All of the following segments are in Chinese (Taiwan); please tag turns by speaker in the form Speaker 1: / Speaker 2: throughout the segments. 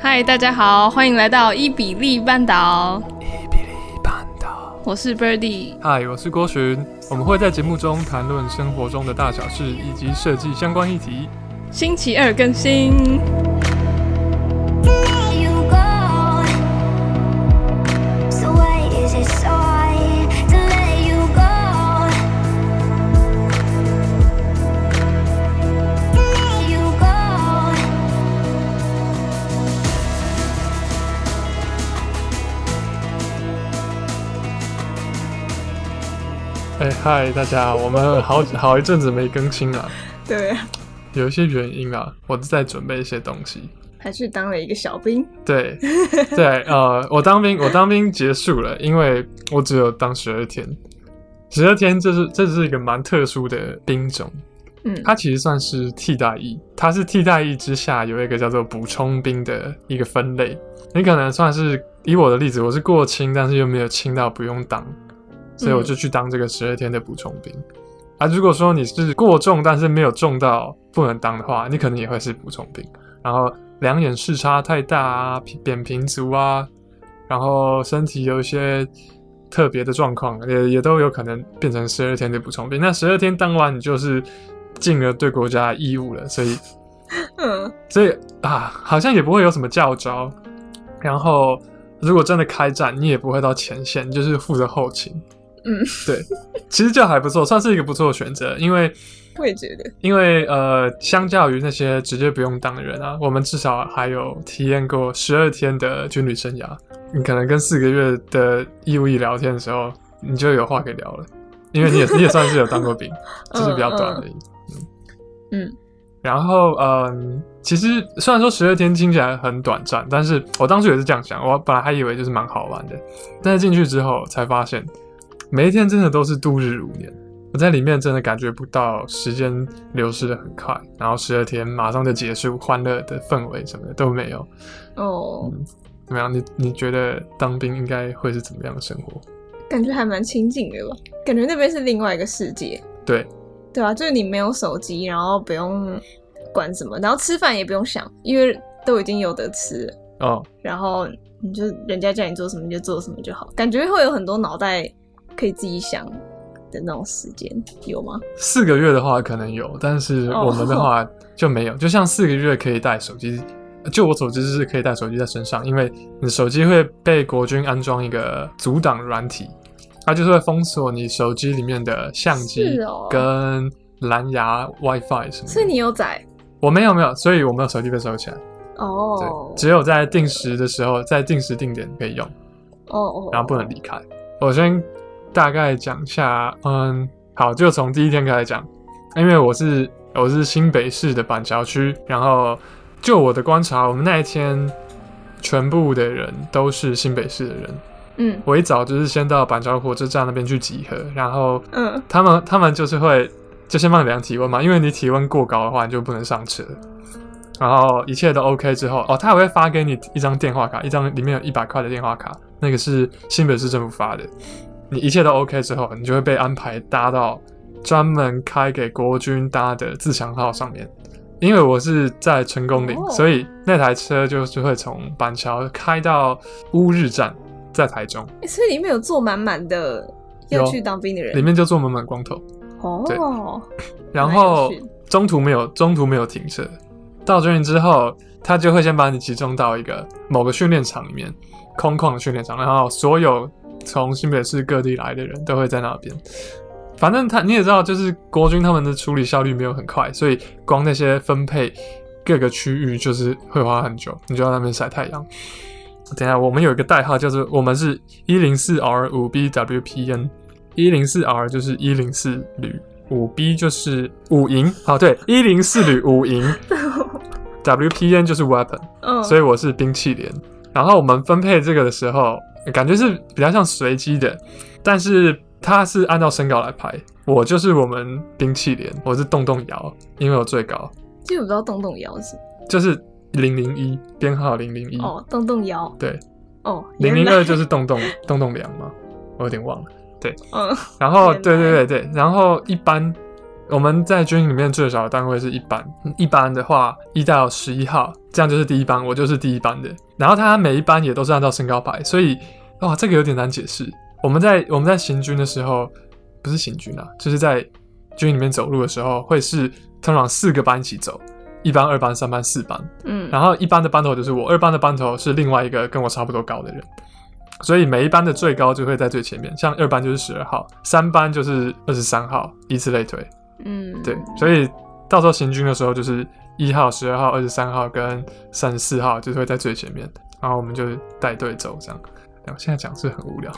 Speaker 1: 嗨，大家好，歡迎來到依比例絆倒，依比例絆倒，我是 Birdy
Speaker 2: 嗨，Hi, 我是郭洵。我們會在節目中談論生活中的大小事以及設計相關議題。
Speaker 1: 星期二更新。
Speaker 2: 嗨，大家，我們好好一陣子沒更新了。 對、啊，有一些原因啊，我在準備一些東西。
Speaker 1: 還去當了一個小兵？
Speaker 2: 對對，呃，我當兵，我當兵結束了， 因為我只有當十二天。十二天、就是，這是這是一個蠻特殊的兵種。嗯，它其實算是替代役，它是替代役之下有一個叫做補充兵的一個分類。你可能算是以我的例子，我是過輕，但是又沒有輕到不用當。所以我就去當這個十二天的補充兵。嗯，啊，如果說你是過重，但是沒有重到不能當的話，你可能也會是補充兵。然後兩眼視差太大啊，扁平足啊，然後身體有一些特別的狀況，也也都有可能變成十二天的補充兵。那十二天當完，你就是盡了對國家的義務了。所以，嗯，所以啊，好像也不會有什麼教召。然後，如果真的開戰，你也不會到前線，就是負責後勤。嗯， 對，其實就還不錯，算是一個不錯的選擇，因為我也覺得，因為呃，相較於那些直接不用當的人啊，我們至少還有體驗過十二天的軍旅生涯。你可能跟四個月的義務役聊天的時候，你就有話可以聊了，因為你也 你也算是有當過兵， 只是比較短而已，嗯嗯。
Speaker 1: 嗯，
Speaker 2: 然後嗯、呃，其實雖然說十二天聽起來很短暫，但是我當初也是這樣想，我本來還以為就是蠻好玩的，但是進去之後才發現。每一天真的都是度日如年，我在裡面真的感覺不到時間流逝得很快，然後十二天馬上就結束，歡樂的氛圍什麼的都沒有。哦，嗯、怎麼樣？你你覺得當兵應該會是怎麼樣的生活？
Speaker 1: 感覺還蠻清靜的吧？感覺那邊是另外一個世界。對，對啊，就是你沒有手機，然後不用管什麼，然後吃飯也不用想，因為都已經有的吃哦。然後你就人家叫你做什麼你就做什麼就好，感覺會有很多腦袋。可以自己想的那種時間有嗎？
Speaker 2: 四個月的話可能有，但是我們的話就沒有。Oh. 就像四個月可以帶手機，就我所知是可以帶手機在身上，因為你的手機會被國軍安裝一個阻擋軟體，它就是會封鎖你手機裡面的相機、跟藍牙、WiFi 什麼。
Speaker 1: 是你有載？
Speaker 2: 我沒有沒有，所以我沒有手機被收起來。
Speaker 1: 哦、oh.，對，
Speaker 2: 只有在定時的時候，在定時定點可以用。
Speaker 1: 哦哦，然後
Speaker 2: 不能離開。我先。大概講下，嗯，好，就從第一天開始講，因為我是我是新北市的板橋區，然後就我的觀察，我們那一天全部的人都是新北市的人。嗯，我一早就是先到板橋火車站那邊去集合，然後，嗯，他們他們就是會就先幫你量體溫嘛，因為你體溫過高的話你就不能上車，然後一切都 OK 之後，哦，他還會發給你一張電話卡，一張裡面有一百塊的電話卡，那個是新北市政府發的。你一切都 OK 之後，你就會被安排搭到專門開給國軍搭的“自強號”上面。因為我是在成功嶺，oh. 所以那台車就是會從板橋開到烏日站，在台中。
Speaker 1: 欸，所以裡面有坐滿滿的要去當兵的人，裡
Speaker 2: 面就坐滿滿光頭哦。Oh. 對 然後中途沒有中途沒有停車，到軍營之後，他就會先把你集中到一個某個訓練場裡面，空曠的訓練場，oh. 然後所有。從新北市各地來的人都會在那邊。反正他你也知道，就是國軍他們的處理效率沒有很快，所以光那些分配各個區域就是會花很久。你就在那邊曬太陽。等一下，我們有一個代號、就是，叫做我們是一零四 R 五 B W P N。一零四 R 就是一零四旅，五 B 就是五營。好、啊，對，一零四旅五營。 W P N 就是 Weapon，、Oh. 所以我是兵器連。然後我們分配這個的時候。感覺是比較像隨機的，但是他是按照身高來排。我就是我們兵器連，我是洞洞幺，因為我最高。
Speaker 1: 其實我不知道洞洞幺是？
Speaker 2: 就是零零一，編號零零一。哦，
Speaker 1: 洞洞幺。對。哦。零零二
Speaker 2: 就是洞洞洞洞兩嗎？我有點忘了。對。嗯、哦。然後，對對對對，然後一班我們在軍營裡面最小的單位是一班。一班的話，一到十一號，這樣就是第一班，我就是第一班的。然後他每一班也都是按照身高排，所以哇，這個有點難解釋。我們在我們在行軍的時候，不是行軍啊，就是在軍營裡面走路的時候，會是通常四個班一起走，一班、二班、三班、四班。嗯，然後一班的班頭就是我，二班的班頭是另外一個跟我差不多高的人，所以每一班的最高就會在最前面，像二班就是十二號，三班就是二十三號，以此類推。嗯，對，所以到時候行軍的時候就是。一號、十二號、二十三號跟三十四號就是會在最前面的，然後我們就帶隊走這樣。哎，我現在講的是很無聊。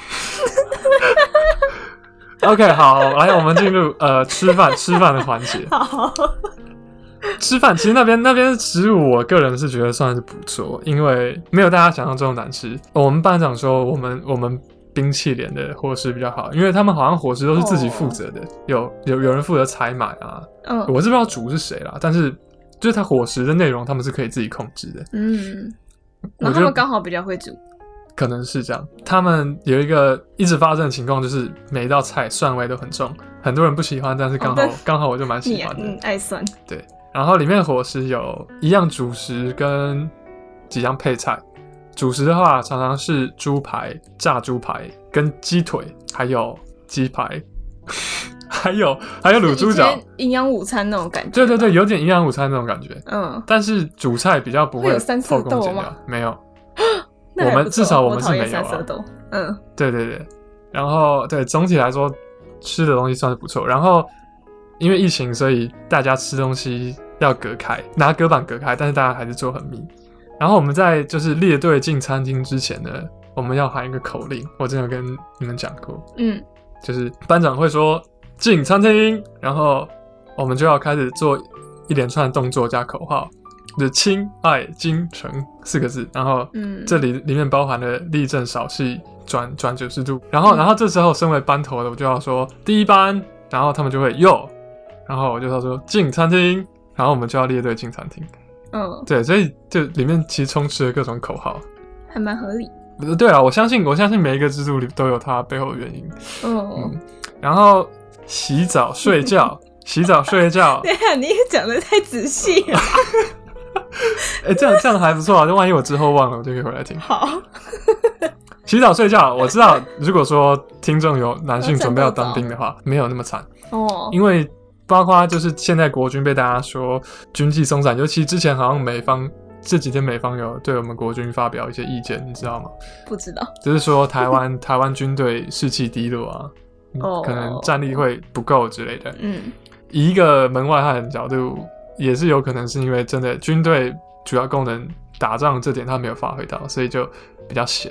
Speaker 2: OK，好，來，我們進入呃吃飯吃飯的環節。 吃飯其實那邊那邊食物，我個人是覺得算是不錯，因為沒有大家想象中的難吃。我們班長說我們我們兵器連的伙食比較好，因為他們好像伙食都是自己負責的，oh. 有有有,有人負責採買啊。Oh. 我是不知道主是誰啦，但是。就是他伙食的內容，他們是可以自己控制的。嗯，那他們
Speaker 1: 剛好比較會煮，
Speaker 2: 可能是這樣。他們有一個一直發生的情況，就是每一道菜蒜味都很重，很多人不喜歡，但是剛好剛好、哦、剛好我就蠻喜歡的，愛蒜。對，然後裡面的伙食有一樣主食跟幾樣配菜，主食的話常常是豬排、炸豬排跟雞腿，還有雞排。 還有還有滷豬腳，
Speaker 1: 營養午餐那種感覺。
Speaker 2: 對對對，有點營養午餐那種感覺。嗯，但是主菜比較不會有三色豆嗎？沒有，我們至少我們是沒有、啊。嗯，對對對。然後對總體來說，吃的東西算是不錯。然後因為疫情，所以大家吃東西要隔開，拿隔板隔開。但是大家還是坐很密。然後我們在就是列隊進餐廳之前呢，我們要喊一個口令。我之前有跟你們講過。嗯，就是班長會說。進餐廳，然後我們就要開始做一連串的動作加口號，就是“親愛精誠”四個字，然後這裡、嗯、裡面包含了立正、稍息、轉轉九十度，然後、嗯、然後這時候身為班頭的我就要說第一班，然後他們就會喲。然後我就要說進餐廳，然後我們就要列隊進餐廳，嗯、哦，對，所以就裡面其實充斥着各種口號，
Speaker 1: 還蠻合
Speaker 2: 理。對啊，我相信我相信每一個制度裡都有它背後的原因，哦、嗯，然後。洗澡睡覺，洗澡睡覺。
Speaker 1: 對啊，你也講得太仔細了。
Speaker 2: 哎、 欸，這樣這樣還不錯啊。那萬一我之後忘了，我就可以回來聽。好。 洗澡睡覺，我知道。如果說聽眾有男性準備要當兵的話，沒有那麼慘哦。因為包括就是現在國軍被大家說軍紀鬆散，尤其之前好像美方這幾天美方有對我們國軍發表一些意見，你知道嗎？
Speaker 1: 不知道。就
Speaker 2: 是說台灣 台灣軍隊士氣低落啊。可能戰力會不夠之類的。哦、嗯，以一個門外漢的角度也是有可能是因為真的軍隊主要功能打仗這點他沒有發揮到，所以就比較閒。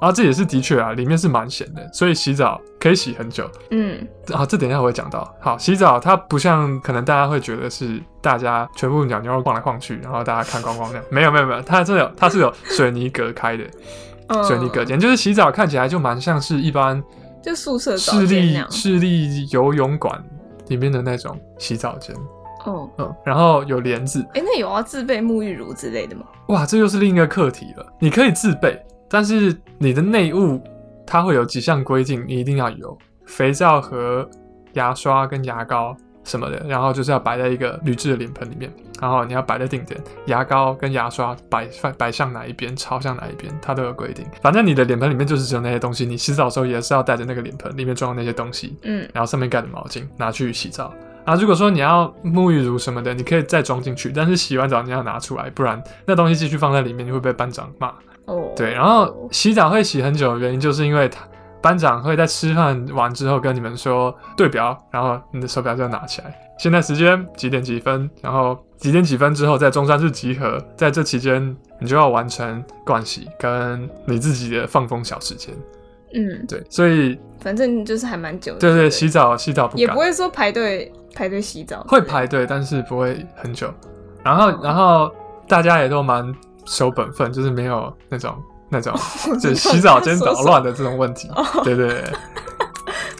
Speaker 2: 啊，這也是的確啊，裡面是蠻閒的，所以洗澡可以洗很久。嗯，啊，這等一下我會講到。好，洗澡它不像可能大家會覺得是大家全部鳥鳥晃來晃去，然後大家看光光亮。 沒有沒有沒有，它這有它是有水泥隔開的，嗯、
Speaker 1: 水泥隔
Speaker 2: 間，就是洗澡看起來就蠻像是一般。
Speaker 1: 就宿舍、市立、
Speaker 2: 市立游泳館裡面的那種洗澡間，哦、oh.，嗯，然後有簾子。
Speaker 1: 哎，那有要自備沐浴乳之類的嗎？
Speaker 2: 哇，這又是另一個課題了。你可以自備，但是你的內務它會有幾項規定，你一定要有肥皂和牙刷跟牙膏什麼的，然後就是要擺在一個鋁製的臉盆裡面。然後你要擺在定點，牙膏跟牙刷擺放擺向哪一邊，朝向哪一邊，它都有規定。反正你的臉盆裡面就是只有那些東西，你洗澡的時候也是要帶着那個臉盆，裡面裝的那些東西，嗯，然後上面蓋着毛巾拿去洗澡。啊，如果說你要沐浴乳什麼的，你可以再裝進去，但是洗完澡你要拿出來，不然那東西繼續放在裡面，你會被班長罵。哦，對，然後洗澡會洗很久的原因就是因為他班長會在吃飯完之後跟你們說對表，然後你的手表就要拿起來。現在時間幾點幾分？然後幾點幾分之後在中山室集合？在這期間，你就要完成盥洗，跟你自己的放風小時間。嗯，對，所以
Speaker 1: 反正就是還蠻久的。對，
Speaker 2: 對對，洗澡洗澡不也不會
Speaker 1: 說排隊排隊洗澡，會
Speaker 2: 排隊，但是不會很久。然後、哦、然後大家也都蠻守本分，就是沒有那種那種就、哦、 洗澡間搗亂的這種問題。哦、對，對對，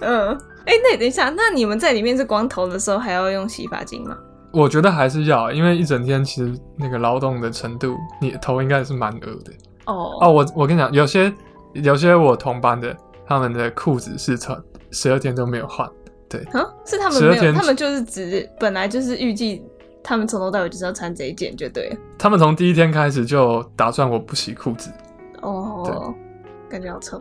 Speaker 2: 嗯。
Speaker 1: 哎、欸，那等一下，那你們在裡面是光頭的時候還要用洗髮精嗎？
Speaker 2: 我覺得還是要，因為一整天其實那個勞動的程度，你頭應該是蠻油的。哦、oh. 哦，我我跟你講，有些有些我同班的，他們的褲子是穿十二天都沒有換，對，是他們沒有。他們
Speaker 1: 就是只本來就是預計他們從頭到尾就是要穿這一件就對。
Speaker 2: 他們從第一天開始就打算我不洗褲子。
Speaker 1: 哦、oh.。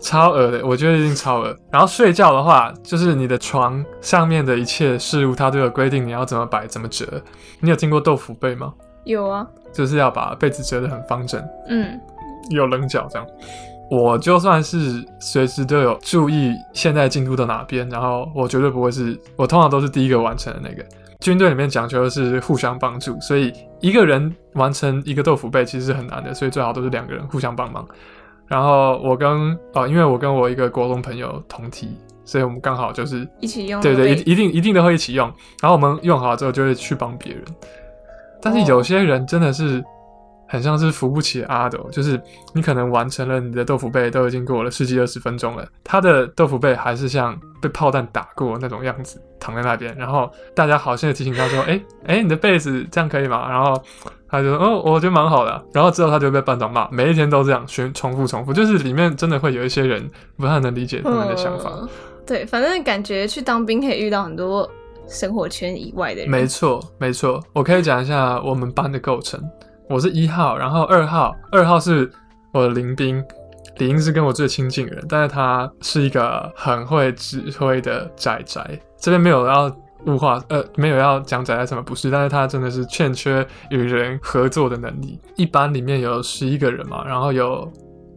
Speaker 2: 超額的，我覺得一定超額。 然後睡覺的話，就是你的床上面的一切事物，它都有規定你要怎麼擺、怎麼折。你有見過豆腐被嗎？有啊，就是要把被子折得很方正，嗯，有稜角這樣。我就算是隨時都有注意現在進度到哪邊，然後我絕對不會是，我通常都是第一個完成的那個。軍隊裡面講究的是互相幫助，所以一個人完成一個豆腐被其實是很難的，所以最好都是兩個人互相幫忙。然後我跟啊、哦，因為我跟我一個國中朋友同梯，所以我們剛好就是
Speaker 1: 一起用，對對，對，一
Speaker 2: 一定一定都會一起用。然後我們用好之後就會去幫別人，但是有些人真的是。哦很像是扶不起的阿斗，就是你可能完成了你的豆腐被，都已經過了十幾二十分鐘了，他的豆腐被還是像被炮彈打過那種樣子躺在那邊，然後大家好心的提醒他說：“哎 誒、欸欸、你的被子這樣可以嗎？”然後他就說：“哦，我覺得蠻好的、啊。”然後之後他就被班長罵，每一天都這樣，重重複重複，就是裡面真的會有一些人不太能理解他們的想法。嗯、
Speaker 1: 對，反正感覺去當兵可以遇到很多生活圈以外的人。沒
Speaker 2: 錯，沒錯，我可以講一下我們班的構成。我是一號，然後二號，二號是我的鄰兵，理應是跟我最親近的人，但是他是一個很會指揮的宅宅。這邊沒有要物化，呃，沒有要講宅宅什麼不是，但是他真的是欠缺與人合作的能力。一班裡面有十一個人嘛，然後有。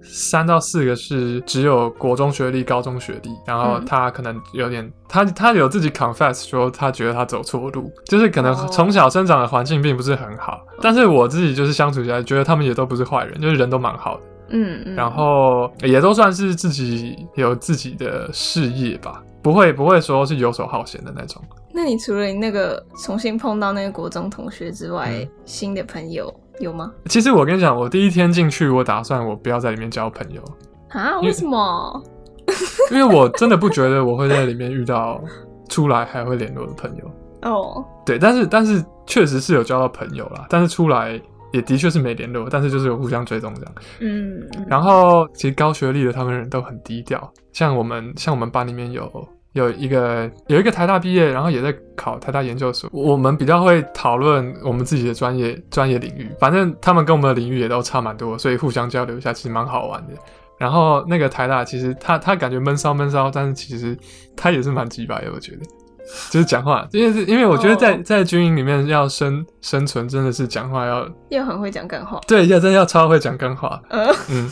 Speaker 2: 三到四個是只有國中學歷、高中學歷，然後他可能有點，嗯、他他有自己 confess 說他覺得他走錯路，就是可能從小生長的環境並不是很好、哦，但是我自己就是相處下來，覺得他們也都不是壞人，就是人都蠻好的，嗯，嗯然後也都算是自己有自己的事業吧，不會不會說是游手好閒的那種。
Speaker 1: 那你除了那個重新碰到那個國中同學之外，嗯、新的朋友？有
Speaker 2: 嗎？其實我跟你講，我第一天進去，我打算我不要在裡面交朋友
Speaker 1: 啊。為什麼？因
Speaker 2: 為， 因為我真的不覺得我會在裡面遇到出來還會聯絡的朋友哦。Oh. 對，但是但是確實是有交到朋友啦，但是出來也的確是沒聯絡，但是就是有互相追蹤這樣。嗯。然後其實高學歷的他們人都很低調，像我們像我們班裡面有。有一個有一個台大畢業，然後也在考台大研究所。我們比較會討論我們自己的專業專業領域，反正他們跟我們的領域也都差蠻多，所以互相交流一下其實蠻好玩的。然後那個台大其實他他感覺悶騷悶騷，但是其實他也是蠻直白的，我覺得，就是講話，因為是因為我覺得在在軍營裡面要生生存真的是講話要
Speaker 1: 又很會講幹話，
Speaker 2: 對，要真的要超會講幹話，嗯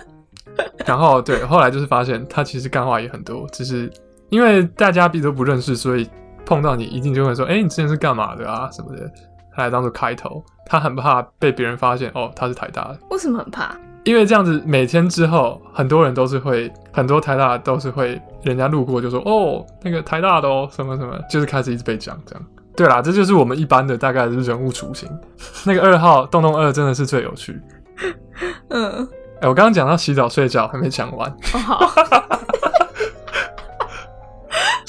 Speaker 2: 然後對，後來就是發現他其實幹話也很多，只、就是。因為大家彼此都不認識，所以碰到你一定就會說：“哎、欸，你之前是幹嘛的啊？什麼的。”他來當做開頭，他很怕被別人發現哦，他是台大的。
Speaker 1: 為什麼很怕？
Speaker 2: 因為這樣子每天之後，很多人都是會，很多台大的都是會，人家路過就說：“哦，那個台大的哦，什麼什麼。”就是開始一直被講這樣。對啦，這就是我們一般的大概的人物雛形。 那個二號洞洞二真的是最有趣。嗯。誒、欸，我剛剛講到洗澡、睡覺還沒講完。哦，好。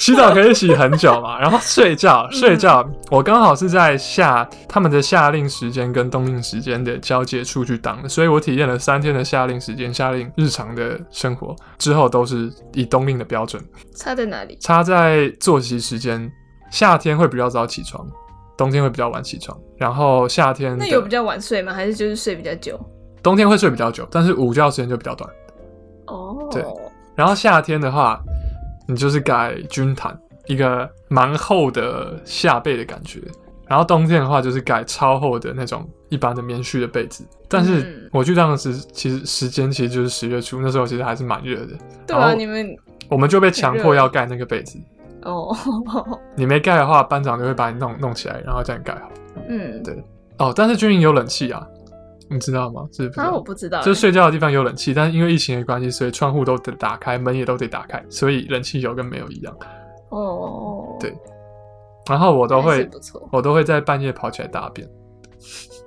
Speaker 2: 洗澡可以洗很久嘛，然後睡覺、嗯、睡覺，我剛好是在夏他們的夏令時間跟冬令時間的交接處去當的，所以我體驗了三天的夏令時間，夏令日常的生活之後都是以冬令的標準。
Speaker 1: 差在哪裡？
Speaker 2: 差在作息時間，夏天會比較早起床，冬天會比較晚起床。然後夏天那有比
Speaker 1: 較晚睡嗎？還是就是睡比較久？
Speaker 2: 冬天會睡比較久，但是午覺時間就比較短。
Speaker 1: 哦、oh.，對，
Speaker 2: 然後夏天的話。你就是蓋軍毯，一個蠻厚的夏被的感覺。然後冬天的話，就是蓋超厚的那種一般的棉絮的被子。但是我去當時其實時間其實就是十月初，那時候其實還是蠻熱的。對啊，你們我們就被強迫要蓋那個被子。
Speaker 1: 哦，
Speaker 2: 你沒蓋的話，班長就會把你弄弄起來，然後叫你蓋好。嗯，對。哦，但是軍營有冷氣啊。你知道嗎？是，是，反、啊、
Speaker 1: 正我不知道、欸。就睡
Speaker 2: 覺的地方有冷氣，但是因為疫情的關係，所以窗戶都得打開，門也都得打開，所以冷氣有跟沒有一樣。哦，對。然後我都會，我都會在半夜跑起來大便。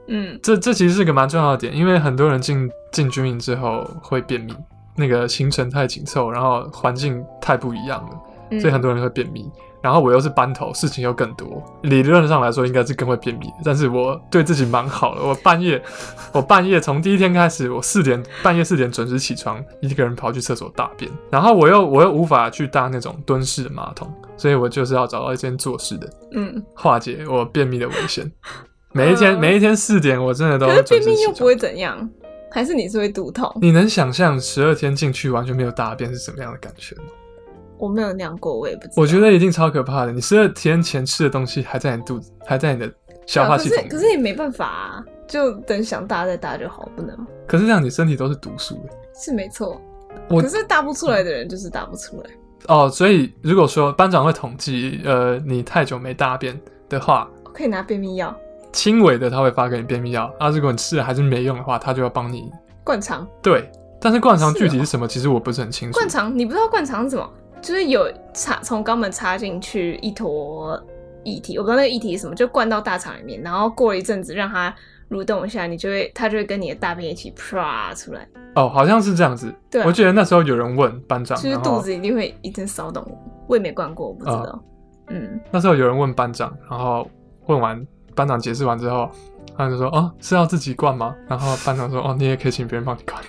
Speaker 2: 嗯，這這其實是個蠻重要的點，因為很多人進進軍營之後會便秘，那個行程太緊湊，然後環境太不一樣了、嗯，所以很多人會便秘。然後我又是班頭，事情又更多。理論上來說，應該是更會便秘。但是我對自己蠻好的，我半夜，我半夜從第一天開始，我四點半夜四點準時起床，一個人跑去廁所大便。然後我又我又無法去搭那種蹲式的馬桶，所以我就是要找到一間坐式的，嗯，化解我便秘的危險。嗯、每一天每一天四點，我真的都會。可是便秘
Speaker 1: 又不會怎樣，還是你是會肚
Speaker 2: 痛？你能想象十二天進去完全沒有大便是什麼樣的感覺嗎？
Speaker 1: 我沒有量過，我也不知
Speaker 2: 道。我覺得一定超可怕的，你十二天前吃的東西還在你肚子，還在你的消化系統、啊。
Speaker 1: 可是你沒辦法啊，就等想大再大就好，不能。
Speaker 2: 可是這樣你身體都是毒素的。
Speaker 1: 是沒錯，可是大不出來的人就是大不出來、
Speaker 2: 啊。哦，所以如果說班長會統計，呃，你太久沒大便的話，
Speaker 1: 可以拿便秘藥。
Speaker 2: 輕微的他會發給你便秘藥，啊，如果你吃了還是沒用的話，他就要幫你灌腸。對，但是灌腸具體是什麼是、喔，其實我不是很清楚。灌
Speaker 1: 腸，你不知道灌腸是什麼？就是有插從肛門插進去一坨液體，我不知道那液體是什麼，就灌到大腸裡面，然後過了一陣子讓它蠕動一下，你就會它就會跟你的大便一起啪出來。
Speaker 2: 哦，好像是這樣子。對，我覺得那時候有人問班長，就是肚子一
Speaker 1: 定會一陣騷動。我也沒灌過，我不知道、呃。嗯，
Speaker 2: 那時候有人問班長，然後問完班長解釋完之後，他就說：“哦、嗯，是要自己灌嗎？”然後班長說：“ 哦，你也可以請別人幫你灌。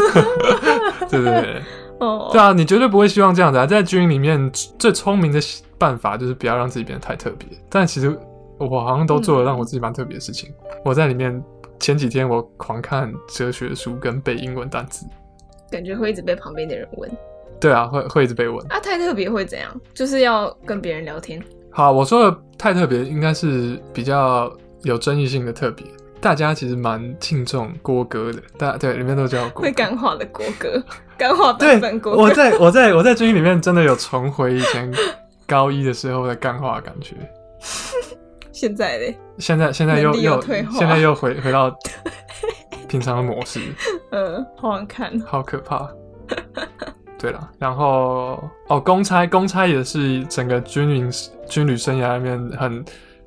Speaker 2: ”對，對對對。Oh. 對啊，你絕對不會希望這樣子啊！在軍營裡面，最聰明的辦法就是不要讓自己變得太特別。但其實我好像都做了讓我自己蠻特別的事情。嗯。我在裡面前幾天，我狂看哲學書跟背英文單詞，
Speaker 1: 感覺會一直被旁邊的人問。
Speaker 2: 對啊，會會一直被問
Speaker 1: 啊！太特別會怎樣？就是要跟別人聊天。
Speaker 2: 好，我說的太特別，應該是比較有爭議性的特別。大家其實蠻敬重郭哥的，大對，裡面都叫
Speaker 1: 會幹話的郭哥。 幹話版本，過對，我在我
Speaker 2: 在我在軍營裡面真的有重回以前高一的時候的幹話感覺。
Speaker 1: 現在嘞，現在現在又又現在又
Speaker 2: 回回到平常的模式。
Speaker 1: 嗯、 呃，好難看，
Speaker 2: 好可怕。對啦，然後哦，公差公差也是整個軍營軍旅生涯裡面很。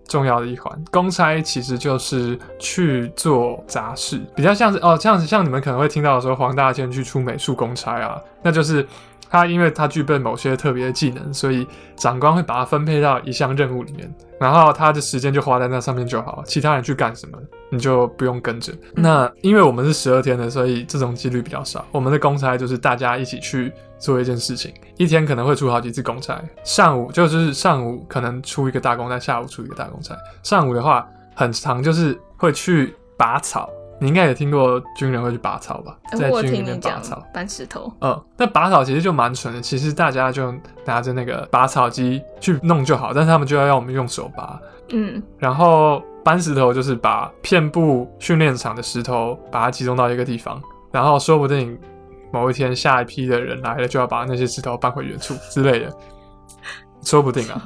Speaker 2: 重要的一環，公差其實就是去做雜事，比較像是哦，這樣子，像你們可能會聽到說黃大仙去出美術公差啊，那就是他因為他具備某些特別的技能，所以長官會把他分配到一項任務裡面，然後他的時間就花在那上面就好，其他人去幹什麼？你就不用跟着、嗯、那，因為我們是十二天的，所以這種幾率比較少。我們的公差就是大家一起去做一件事情，一天可能會出好幾次公差。上午就是上午可能出一個大公差，下午出一個大公差。上午的話很長，就是會去拔草。你應該也聽過軍人會去拔草吧，呃我聽，在軍裡面拔草、
Speaker 1: 搬石頭。嗯，
Speaker 2: 那拔草其實就蠻蠢的。其實大家就拿着那個拔草機去弄就好，但是他們就要讓我們用手拔。嗯，然後。搬石頭就是把遍佈訓練場的石頭把它集中到一個地方，然後說不定某一天下一批的人來了，就要把那些石頭搬回原處之類的，說不定啊，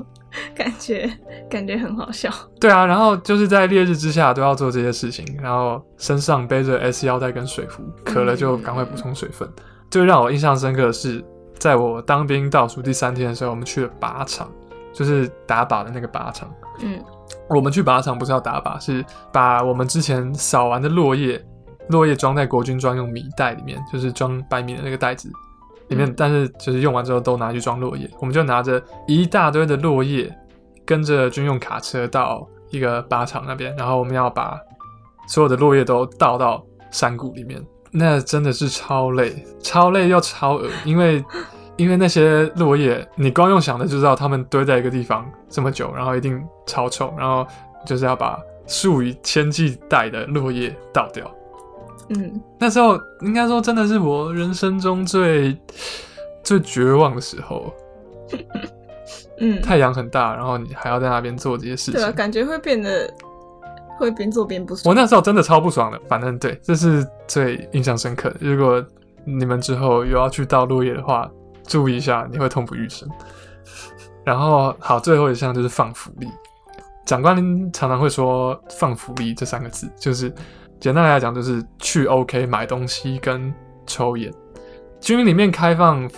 Speaker 1: 感覺感覺很好笑。
Speaker 2: 對啊，然後就是在烈日之下都要做這些事情，然後身上背着 S 腰帶跟水壺，渴了就趕快補充水分。最、嗯嗯嗯、讓我印象深刻的是，在我當兵倒數第三天的時候，我們去了靶場。就是打靶的那個靶場，嗯，我們去靶場不是要打靶，是把我們之前掃完的落葉，落葉裝在國軍專用米袋裡面，就是裝白米的那個袋子裡面，嗯，但是就是用完之後都拿去裝落葉，我們就拿着一大堆的落葉，跟着軍用卡車到一個靶場那邊，然後我們要把所有的落葉都倒到山谷裡面，那真的是超累，超累又超餓，因為。因為那些落葉，你光用想的就知道，他們堆在一個地方這麼久，然後一定超臭，然後就是要把數以千計袋的落葉倒掉。嗯，那時候應該說真的是我人生中最最絕望的時候。
Speaker 1: 嗯，太
Speaker 2: 陽很大，然後你還要在那邊做這些事情。對啊，
Speaker 1: 感覺會變得會邊做邊不爽。我
Speaker 2: 那時候真的超不爽的，反正對，這是最印象深刻的。如果你們之後有要去倒落葉的話，注意一下，你會痛不欲生。 然後，好，最後一項就是放福利。長官常常會說“放福利”這三個字，就是簡單來講，就是去 OK 買東西跟抽煙。軍營裡面開放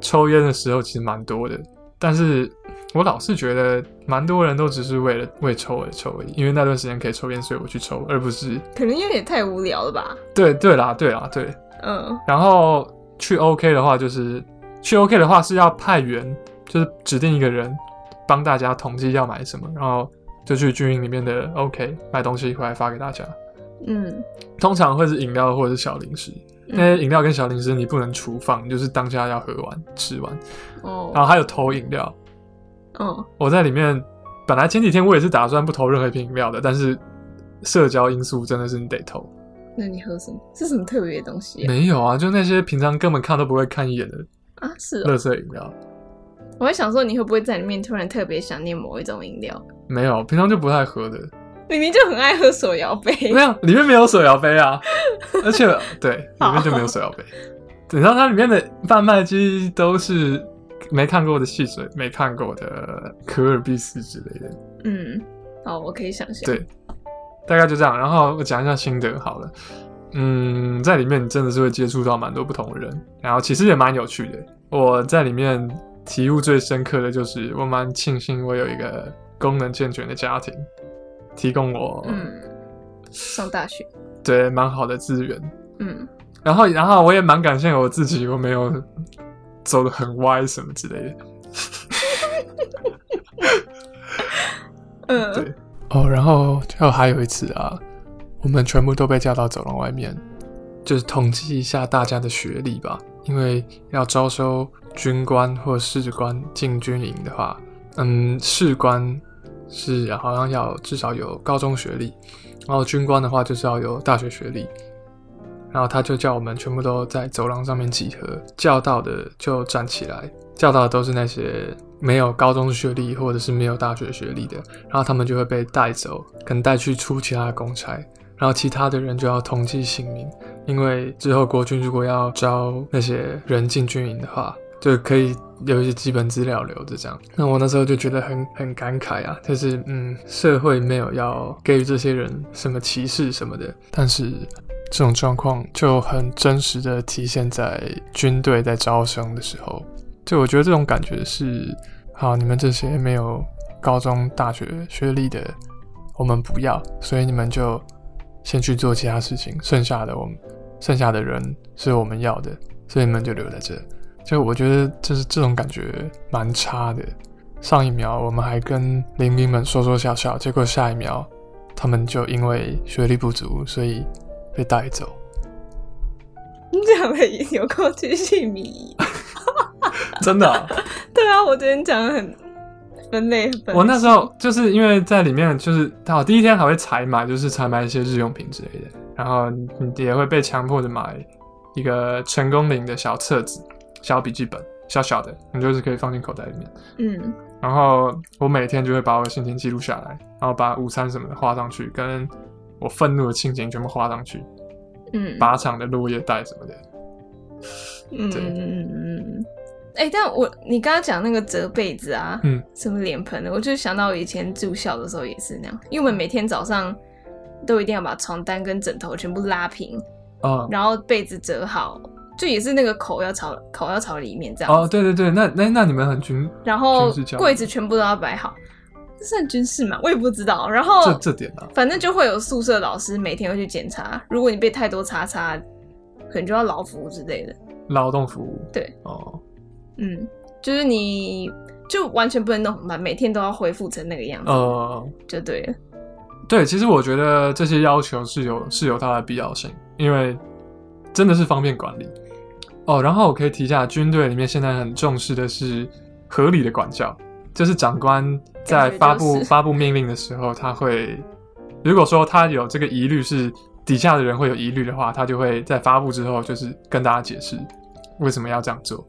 Speaker 2: 抽煙的時候其實蠻多的，但是我老是覺得蠻多人都只是為了為抽而抽而已，因為那段時間可以抽煙，所以我去抽，而不是
Speaker 1: 可能有點太無聊了吧？
Speaker 2: 對，對啦，對啦，對，嗯。然後去 OK 的話，就是。去 OK 的話是要派員，就是指定一個人幫大家統計要買什麼，然後就去軍營裡面的 OK 買東西回來發給大家。嗯，通常會是飲料或者是小零食。嗯、那些飲料跟小零食你不能儲放，就是當下要喝完吃完。哦。然後還有投飲料。嗯、哦。我在裡面本來前幾天我也是打算不投任何一瓶飲料的，但是社交因素真的是你得投。
Speaker 1: 那你喝什麼？是什麼特別的東西，啊？沒
Speaker 2: 有啊，就那些平常根本看都不會看一眼的。
Speaker 1: 啊，是垃圾飲料。我會想說，你會不會在裡面突然特別想念某一種飲料？
Speaker 2: 沒有，平常就不太喝的。
Speaker 1: 明明就很愛喝手搖杯。 沒有，
Speaker 2: 裡面沒有手搖杯啊， 而且對，裡面就沒有手搖杯。等到它裡面的販賣機都是沒看過的汽水，沒看過的可爾必斯之類的。嗯，
Speaker 1: 好，我可以想象對，
Speaker 2: 大概就這樣。然後我講一下心得好了。嗯，在裡面你真的是會接觸到蠻多不同的人，然後其實也蠻有趣的。我在裡面體悟最深刻的就是，我蠻慶幸我有一個功能健全的家庭，提供我
Speaker 1: 嗯上大學，
Speaker 2: 對，蠻好的資源，
Speaker 1: 嗯。
Speaker 2: 然後，然後我也蠻感謝我自己，我沒有走得很歪什麼之類的。 嗯，
Speaker 1: 對，
Speaker 2: 哦、oh，然後，然後還有一次啊。我們全部都被叫到走廊外面，就是統計一下大家的學歷吧。因為要招收軍官或士官進軍營的話，嗯，士官是好像要至少有高中學歷，然後軍官的話就是要有大學學歷。然後他就叫我們全部都在走廊上面集合，叫到的就站起來，叫到的都是那些沒有高中學歷或者是沒有大學學歷的，然後他們就會被帶走，可能帶去出其他的公差。然後其他的人就要統計姓名，因為之後國軍如果要招那些人進軍營的話，就可以有一些基本資料留着這樣。那我那時候就覺得很很感慨啊，就是嗯，社會沒有要給予這些人什麼歧視什麼的，但是這種狀況就很真實的體現在軍隊在招生的時候。就我覺得這種感覺是，好，你們這些沒有高中大學學歷的，我們不要，所以你們就先去做其他事情，剩下的我們，剩下的人是我們要的，所以你們就留在這。就我覺得，就是這種感覺蠻差的。上一秒我們還跟鄰兵們說說笑笑，結果下一秒他們就因為學歷不足，所以被帶走。
Speaker 1: 你講的有夠繼續迷，
Speaker 2: 真的啊？
Speaker 1: 對啊，我昨天講的很。我那時候
Speaker 2: 就是因為在裡面，就是好第一天還會採買，就是採買一些日用品之類的。然後你也會被強迫着買一個成功嶺的小冊子、小筆記本，小小的，你就是可以放進口袋裡面。嗯。然後我每天就會把我的心情記錄下來，然後把午餐什麼的畫上去，跟我憤怒的心情全部畫上去。嗯。靶場的落葉帶什麼的。嗯。
Speaker 1: 對。哎、欸，但我你剛剛講那個折被子啊，嗯，什麼臉盆的，我就想到我以前住校的時候也是那樣，因為我們每天早上都一定要把床單跟枕頭全部拉平，哦、然後被子折好，就也是那個口要朝口要朝裡面這樣。哦，對
Speaker 2: 對對，那那那你們很軍，
Speaker 1: 然後櫃子全部都要擺好，這算軍事嘛，我也不知道。然後這這點啊，反正就會有宿舍老師每天會去檢查，如果你被太多叉叉，可能就要勞服務之類的。
Speaker 2: 勞動服務。對，哦。
Speaker 1: 嗯，就是你就完全不能弄紅，每天都要恢復成那個樣子，嗯，就對了。
Speaker 2: 對，其實我覺得這些要求是有是有它的必要性，因為真的是方便管理。哦，然後我可以提一下，軍隊裡面現在很重視的是合理的管教，就是長官在發布，就是，發布命令的時候，他會如果說他有這個疑慮，是底下的人會有疑慮的話，他就會在發布之後，就是跟大家解釋為什麼要這樣做。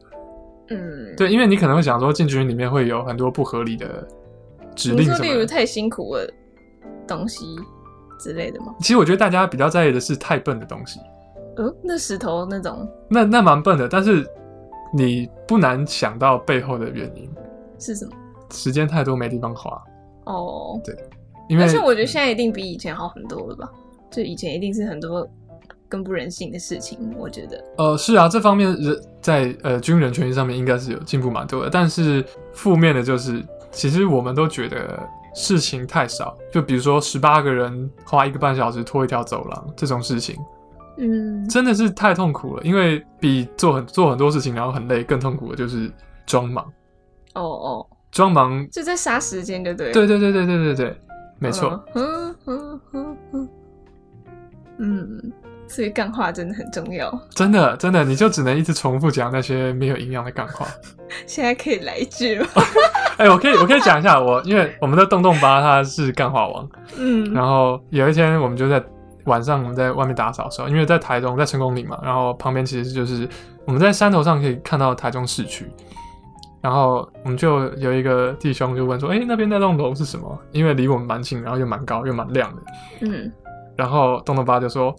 Speaker 2: 嗯，對，因為你可能會想說，進群裡面會有很多不合理的指令什麼的，你說
Speaker 1: 例如太辛苦了東西之類的嗎？
Speaker 2: 其實我覺得大家比較在意的是太笨的東西。
Speaker 1: 嗯，那石頭那種，
Speaker 2: 那那蠻笨的，但是你不難想到背後的原因是什麼？時間太多沒地方花。
Speaker 1: 哦，
Speaker 2: 對，但是我
Speaker 1: 覺得現在一定比以前好很多了吧？嗯、就以前一定是很多。更不人性的事情，我覺得，
Speaker 2: 呃，是啊，這方面人在呃軍人權益上面應該是有進步蠻多的，但是負面的就是，其實我們都覺得事情太少，就比如說十八個人花一個半小時拖一條走廊這種事情，嗯，真的是太痛苦了，因為比做很做很多事情然後很累更痛苦的就是裝忙，
Speaker 1: 哦哦，
Speaker 2: 裝忙
Speaker 1: 就在殺時間，對不對？對
Speaker 2: 對對對對對對，沒錯。嗯嗯嗯，嗯。
Speaker 1: 呵呵呵嗯所以幹話真的很重要，
Speaker 2: 真的真的，你就只能一直重複講那些沒有營養的幹話。
Speaker 1: 現在可以來一句嗎？
Speaker 2: 哎、 欸，我可以我可以講一下，我因為我們的洞洞八他是幹話王，嗯，然後有一天我們就在晚上我們在外面打掃的時候，因為在台中在成功嶺嘛，然後旁邊其實就是我們在山頭上可以看到台中市區，然後我們就有一個弟兄就問說，哎、欸，那邊那棟樓是什麼？因為離我們蠻近，然後又蠻高又蠻亮的，嗯，然後洞洞八就說。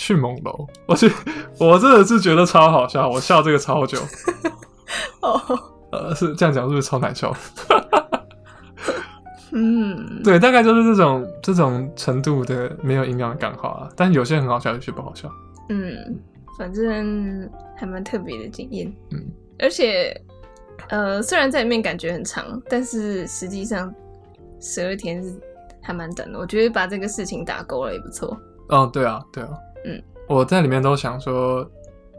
Speaker 2: 去猛樓，我去，我真的是覺得超好笑，我笑這個超久。 哦，呃，是這樣講是不是超難笑？ 嗯，對，大概就是這種這種程度的沒有營養的感化，但有些很好笑，有些不好笑。嗯，
Speaker 1: 反正還蠻特別的經驗。嗯，而且呃，雖然在裡面感覺很長，但是實際上十二天還蠻短的。我覺得把這個事情打勾了也不錯。
Speaker 2: 嗯，對啊，對啊。嗯，我在裡面都想說，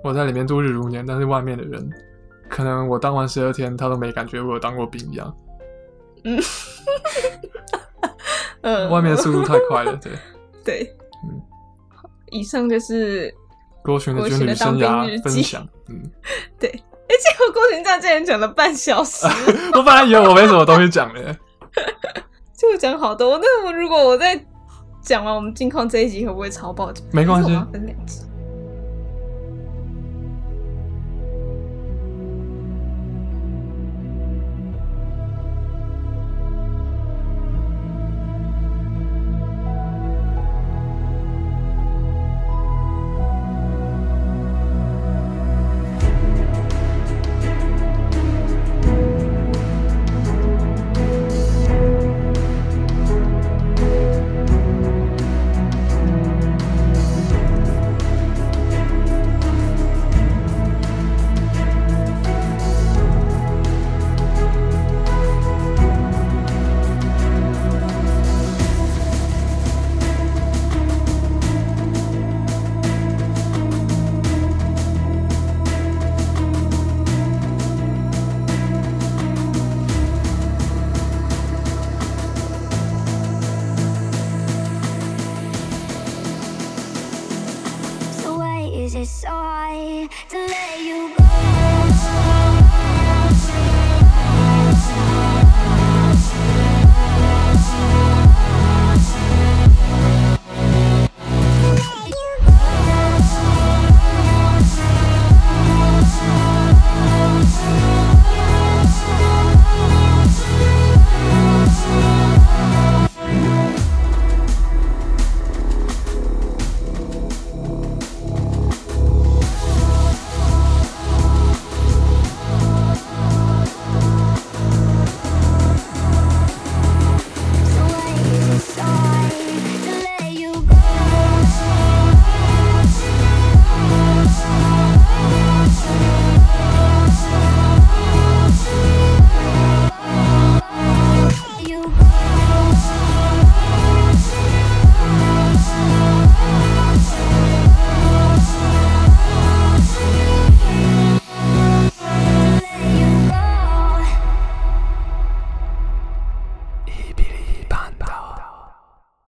Speaker 2: 我在裡面度日如年，但是外面的人，可能我當完十二天，他都沒感覺我有當過兵一樣。嗯， 呃、外面的速度太快了，對，
Speaker 1: 對，嗯。以上就是郭洵的軍旅生涯分
Speaker 2: 享。嗯，
Speaker 1: 對，哎、欸，結果郭洵這樣竟然講了半小時，
Speaker 2: 我本來以為我沒什麼東西講的。
Speaker 1: 就講好多。那麼如果我在。講完、啊，我們近況，這一集會不會超爆？沒關係，我們要分兩集。